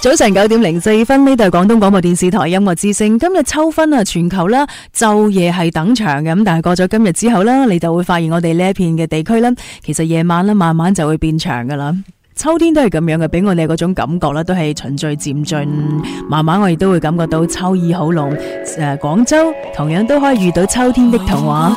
早晨九點零四分，呢度係廣東廣播電視台音樂之聲。今日秋分啊，全球啦晝夜係等長嘅，咁但係過咗今日之後呢，你就會發現我哋呢一片嘅地區啦，其實夜晚咧慢慢就會變長噶啦。秋天都係咁樣嘅，俾我哋嗰種感覺咧，都係循序漸進，慢慢我亦都會感覺到秋意好濃。誒、呃，廣州同樣都可以遇到秋天的童話。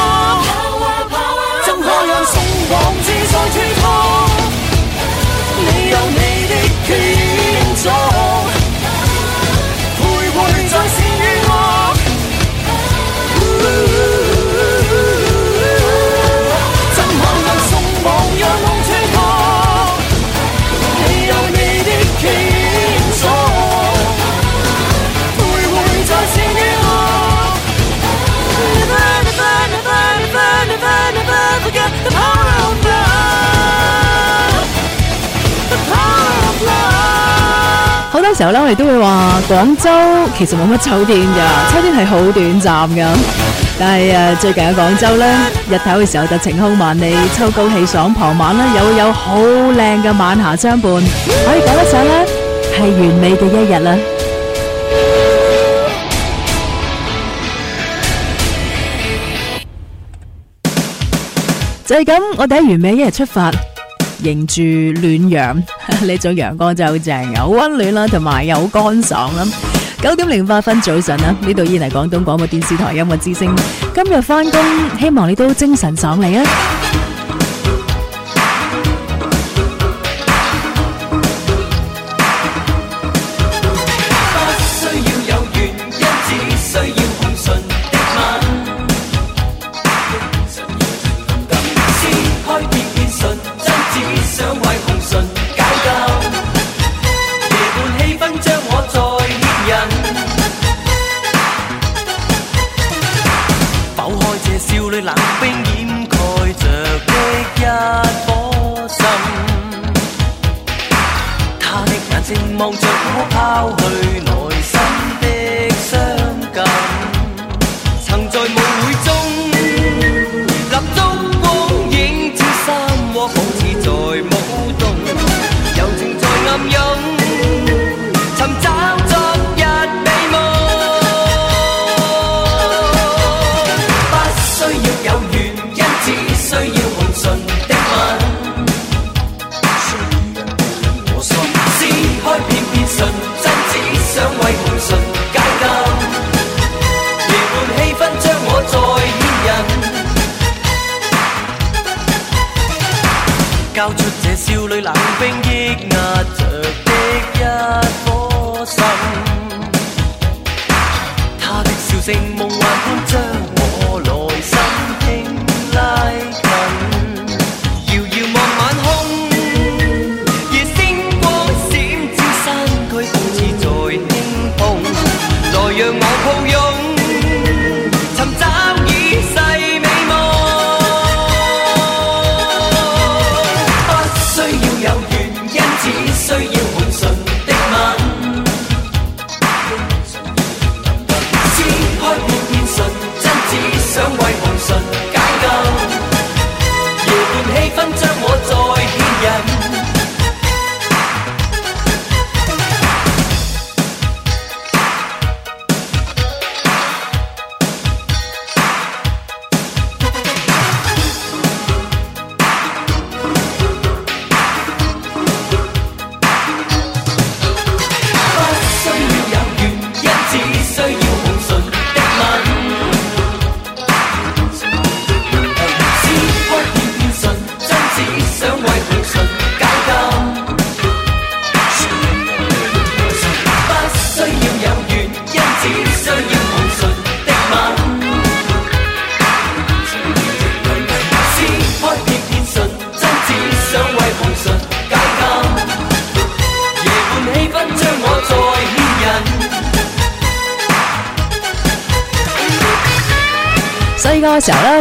時候咧，我哋都會話廣州其實冇乜秋天噶，秋天係好短暫噶。但係誒，最近喺廣州咧，日頭嘅時候就晴空萬里，秋高氣爽，傍晚咧又會有好靚嘅晚霞相伴，可以講得上咧係完美嘅一日啦。就係咁，我哋喺完美一日出發。迎住暖陽，呢種陽光真係好正，啊又好溫暖啦，同埋又好乾爽啦。九點零八分早晨啦，呢度依然係廣東廣播電視台音樂之聲。今日翻工，希望你都精神爽利啊！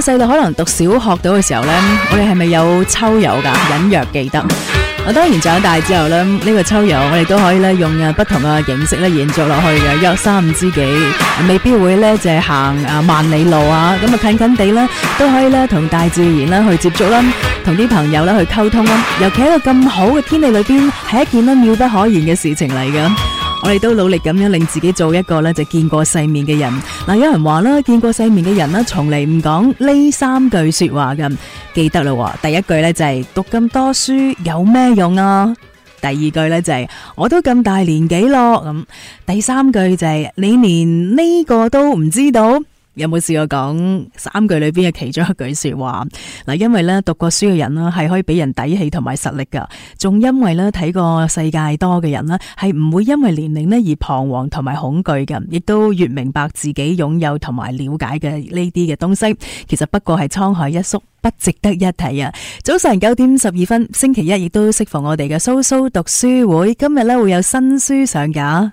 細路可能讀小學到嘅時候咧，我哋係咪有秋遊噶？隱約記得。我當然長大之後咧，呢個秋遊我哋都可以咧用啊不同嘅形式咧延續落去嘅。有三五知己，未必會咧就係行啊萬里路啊，咁啊近近地咧都可以咧同大自然咧去接觸啦，同啲朋友咧去溝通啦。尤其喺個咁好嘅天氣裏邊，係一件咧妙不可言嘅事情嚟噶。我哋都努力咁樣令自己做一個咧就見過世面嘅人。嗱，有人話啦，見過世面嘅人呢，從嚟唔講呢三句說話噶。記得咯喎，第一句咧就係讀咁多書有咩用啊？第二句咧就係我都咁大年紀咯咁。第三句就係你連呢個都唔知道。有冇試過講三句裏邊嘅其中一句說話？嗱，因為咧，讀過書嘅人啦，係可以俾人底氣同埋實力噶。仲因為咧，睇過世界多嘅人啦，係唔會因為年齡咧，而彷徨同埋恐懼嘅。亦都越明白自己擁有同埋了解嘅呢啲嘅東西，其實不過係滄海一粟，不值得一提啊！早上九點十二分，星期一亦都適逢我哋嘅蘇蘇讀書會，今日呢，會有新書上架。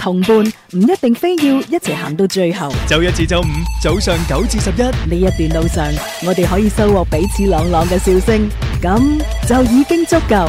同伴唔一定非要一齊行到最後，周一至周五早上九至十一呢一段路上，我哋可以收穫彼此朗朗嘅笑聲，咁就已經足夠。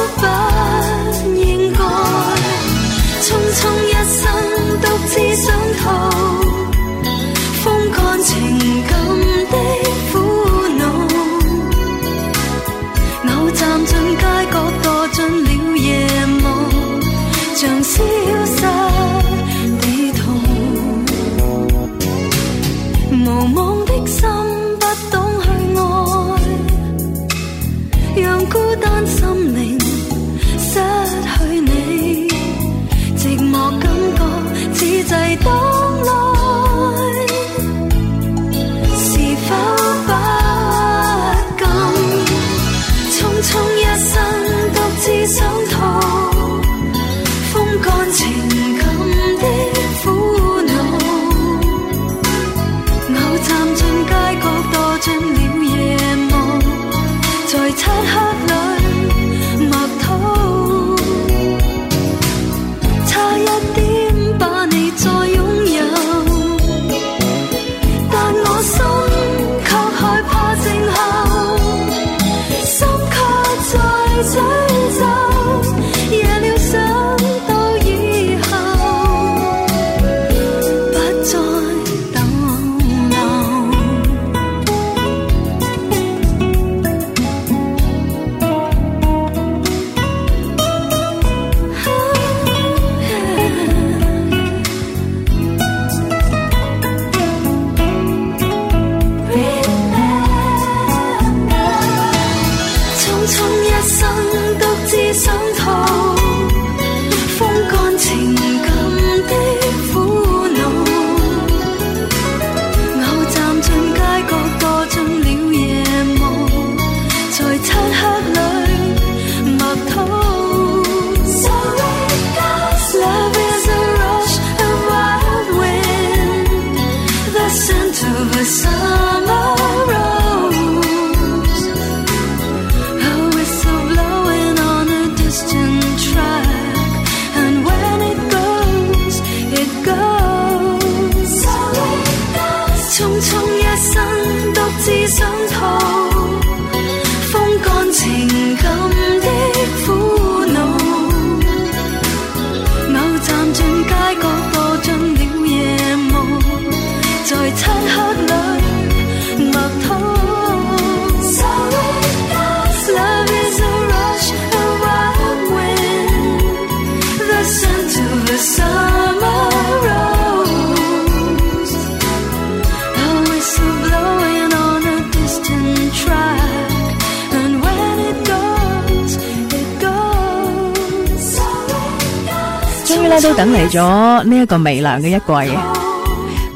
大家都等嚟咗呢一個微涼嘅一季，呢、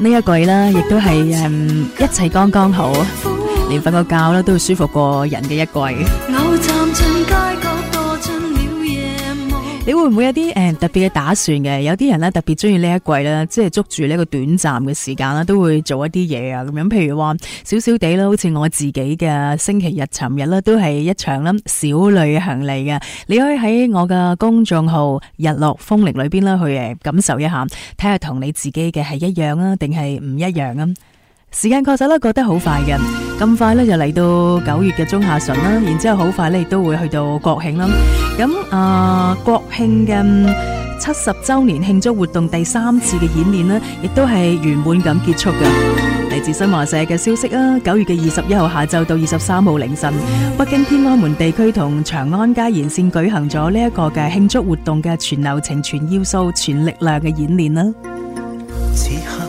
哦、一季啦，亦都係嗯一切剛剛好，連瞓個覺啦都舒服過人嘅一季。你會唔會有啲誒、嗯、特別嘅打算嘅？有啲人呢，特別中意呢一季啦，即係捉住呢個短暫嘅時間啦，都會做一啲嘢啊咁樣。譬如話少少地啦，好似我自己嘅星期日尋日啦，都係一場啦小旅行嚟嘅。你可以喺我嘅公眾號日落風鈴裏邊啦，去誒感受一下，睇下同你自己嘅係一樣啊，定係唔一樣啊？時間確實咧覺得好快嘅，咁快呢，就嚟到九月嘅中下旬啦，然之後好快呢，亦都會去到國慶啦。咁啊、呃，國慶嘅七十周年慶祝活動第三次嘅演練呢，亦都係圓滿咁結束㗎。嚟自新華社嘅消息啦，九月嘅二十一號下晝到二十三號凌晨，北京天安門地區同長安街沿線舉行咗呢一個嘅慶祝活動嘅全流程、全要素、全力量嘅演練啦。此刻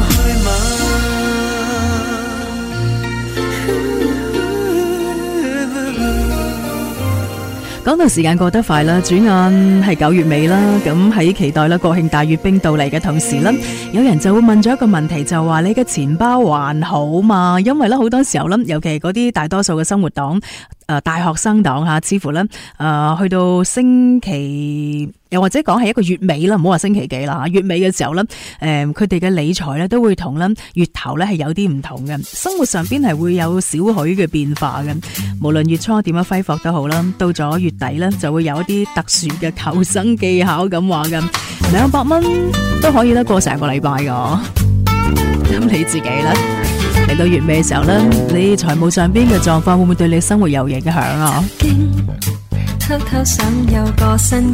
講到時間過得快啦，轉眼係九月尾啦。咁喺期待啦國慶大閱兵到嚟嘅同時呢，有人就會問咗一個問題，就話你嘅錢包還好嘛？因為呢，好多時候呢尤其嗰啲大多數嘅生活黨誒、呃，大學生黨吓，似乎呢誒、呃、去到星期。又或者講係一個月尾啦，唔好話星期幾啦，月尾嘅時候咧，誒，佢哋嘅理財咧都會同咧月頭咧係有啲唔同嘅，生活上邊係會有少許嘅變化嘅。無論月初點樣揮霍都好啦，到咗月底咧就會有一啲特殊嘅求生技巧，咁話咁。兩百蚊都可以得過成個禮拜噶，咁你自己咧嚟到月尾嘅時候咧，你財務上邊嘅狀況會唔會對你生活有影響啊？偷偷想有個新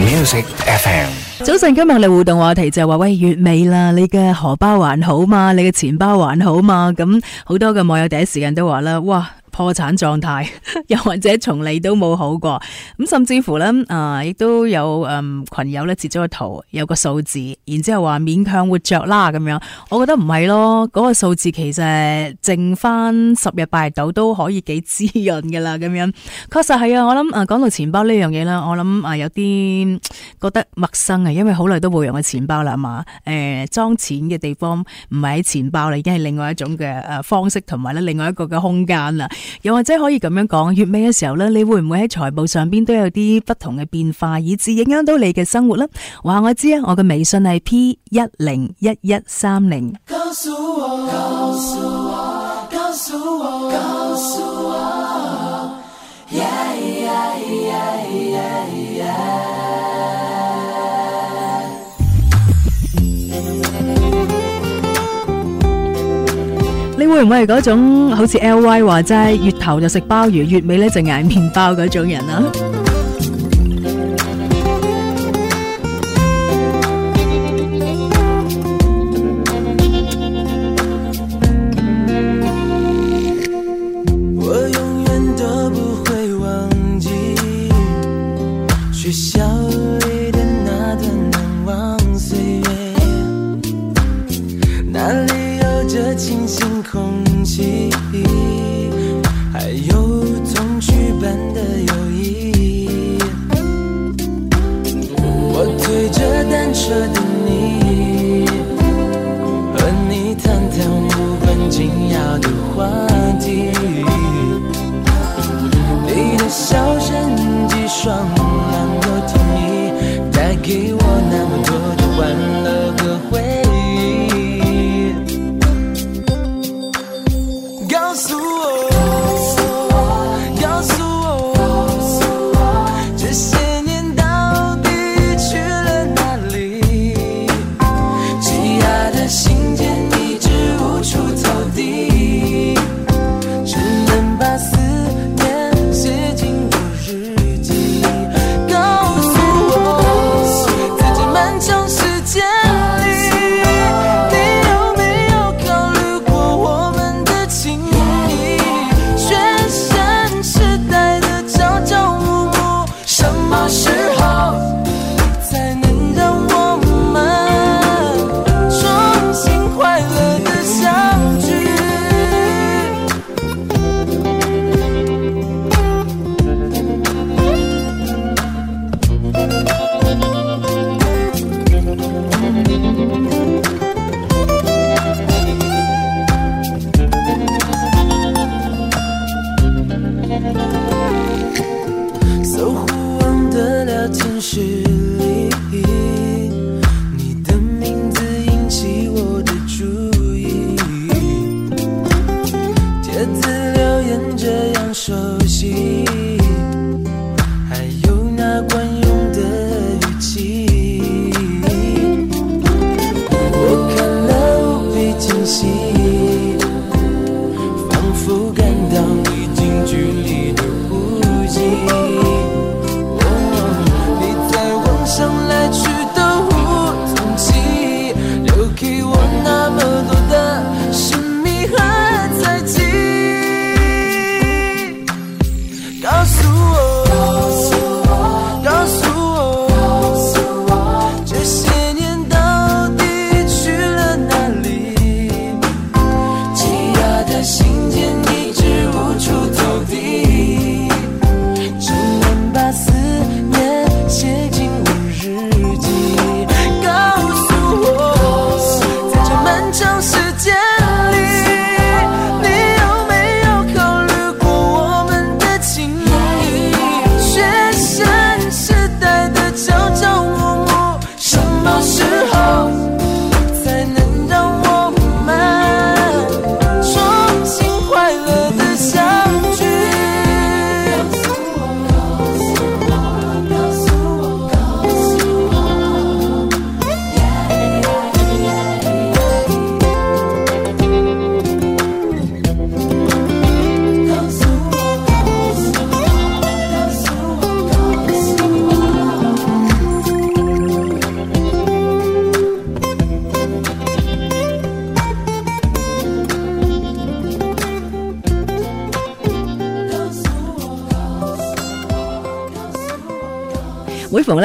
Music FM，早晨，今日嘅互動話題就話喂，月尾啦，你嘅荷包還好嘛？你嘅錢包還好嘛？咁好多嘅網友第一時間都話啦，哇！破產狀態，又或者從嚟都冇好過，咁甚至乎呢，啊，亦都有嗯羣友咧截咗個圖，有個數字，然之後話勉強活著啦咁樣，我覺得唔係咯，嗰、那個數字其實剩返十日八日到都可以幾滋潤㗎啦，咁樣確實係啊，我諗啊，講到錢包呢樣嘢啦，我諗啊有啲覺得陌生啊，因為好耐都冇用過錢包啦嘛，誒、呃、裝錢嘅地方唔係喺錢包啦，已經係另外一種嘅誒、啊、方式，同埋咧另外一個嘅空間啦。又或者可以咁樣講，月尾嘅時候咧，你會唔會喺財務上邊都有啲不同嘅變化，以致影響到你嘅生活咧？話我知啊，我嘅微信係 P 一零一一三零。告會唔會係嗰種好似 L.Y 話齋，月頭就食鮑魚，月尾咧就捱麵包嗰種人啊？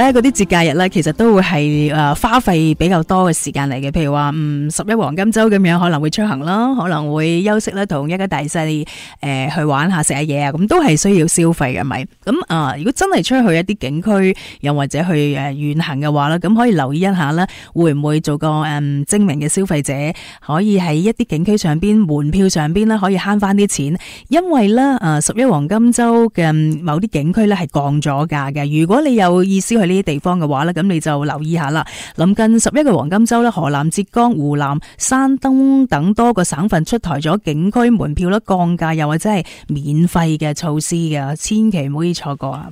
喺嗰啲節假日咧，其實都會係誒花費比較多嘅時間嚟嘅。譬如話，嗯十一黃金周咁樣可能會出行咯，可能會休息啦，同一家大細。誒、呃，去玩下食下嘢啊，咁都係需要消費嘅，咪咁啊？如果真係出去一啲景區，又或者去誒遠行嘅話咧，咁可以留意一下啦，會唔會做個誒、嗯、精明嘅消費者？可以喺一啲景區上邊門票上邊呢？可以慳翻啲錢，因為呢，啊十一黃金周嘅某啲景區呢係降咗價嘅。如果你有意思去呢啲地方嘅話咧，咁你就留意下啦。臨近十一個黃金周呢，河南、浙江、湖南、山東等多個省份出台咗景區門票咧降價又。我真係免費嘅措施嘅，千祈唔可以錯過啊！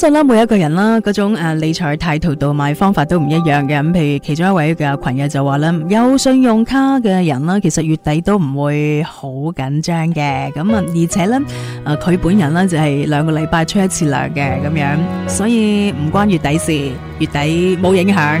其實每一個人啦，嗰種誒理財態度度買方法都唔一樣嘅。咁譬如其中一位嘅群友就話咧，有信用卡嘅人啦，其實月底都唔會好緊張嘅。咁啊，而且咧，誒佢本人咧就係兩個禮拜出一次糧嘅咁樣，所以唔關月底事，月底冇影響。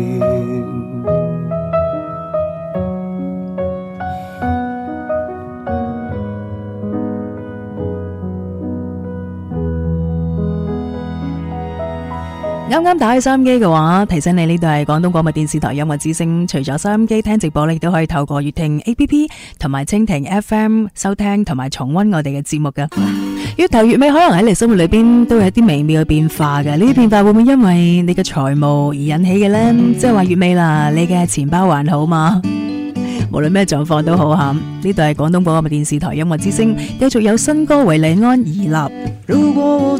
啱啱打開收音機嘅話，提醒你呢度係廣東廣播電視台音樂之聲。除咗收音機聽直播，你都可以透過粵聽 A P P 同埋蜻蜓 F M 收聽同埋重溫我哋嘅節目㗎。月頭月尾可能喺你生活裏邊都有一啲微妙嘅變化嘅，呢啲變化會唔會因為你嘅財務而引起嘅呢？即係話月尾啦，你嘅錢包還好嘛？無論咩狀況都好吓，呢度係廣東廣播電視台音樂之聲，繼續有新歌為你安而立。如果我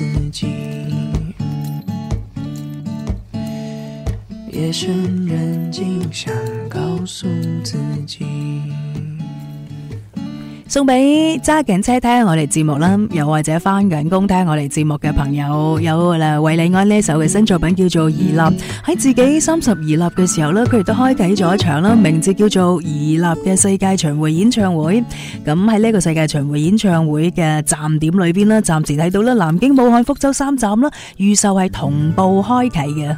送俾揸緊車聽我哋節目啦，又或者翻緊工聽我哋節目嘅朋友，有啦，韋禮安呢首嘅新作品叫做《而立》。喺自己三十而立嘅時候咧，佢亦都開啟咗一場啦，名字叫做《而立》嘅世界巡回演唱會。咁喺呢個世界巡回演唱會嘅站點裏邊咧，暫時睇到咧，南京、武漢、福州三站啦，預售係同步開啟嘅。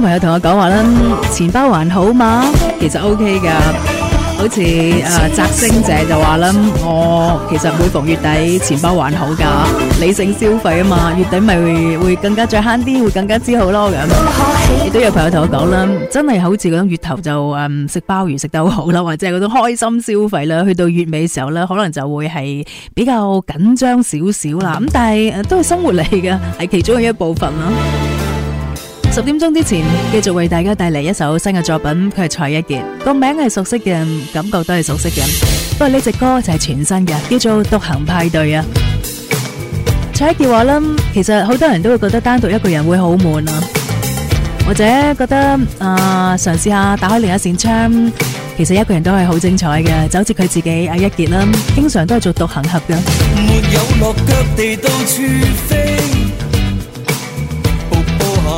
朋友同我講話咧，錢包還好嘛？其實 OK 噶，好似啊澤星姐就話啦，我、哦、其實每逢月底錢包還好噶，理性消費啊嘛，月底咪會更加再慳啲，會更加之好咯咁。亦都有朋友同我講啦，真係好似嗰種月頭就誒食鮑魚食得好啦，或者係嗰種開心消費啦，去到月尾嘅時候咧，可能就會係比較緊張少少啦。咁但係都係生活嚟嘅，係其中嘅一部分啦。十點鐘之前，繼續為大家帶嚟一首新嘅作品，佢係蔡一傑，個名係熟悉嘅，感覺都係熟悉嘅。不過呢隻歌就係全新嘅，叫做《獨行派對》啊。蔡一傑話啦，其實好多人都會覺得單獨一個人會好悶啊，或者覺得啊嘗試下打開另一扇窗，其實一個人都係好精彩嘅。就好似佢自己阿一傑啦，經常都係做獨行俠㗎。沒有落腳地，到處飛。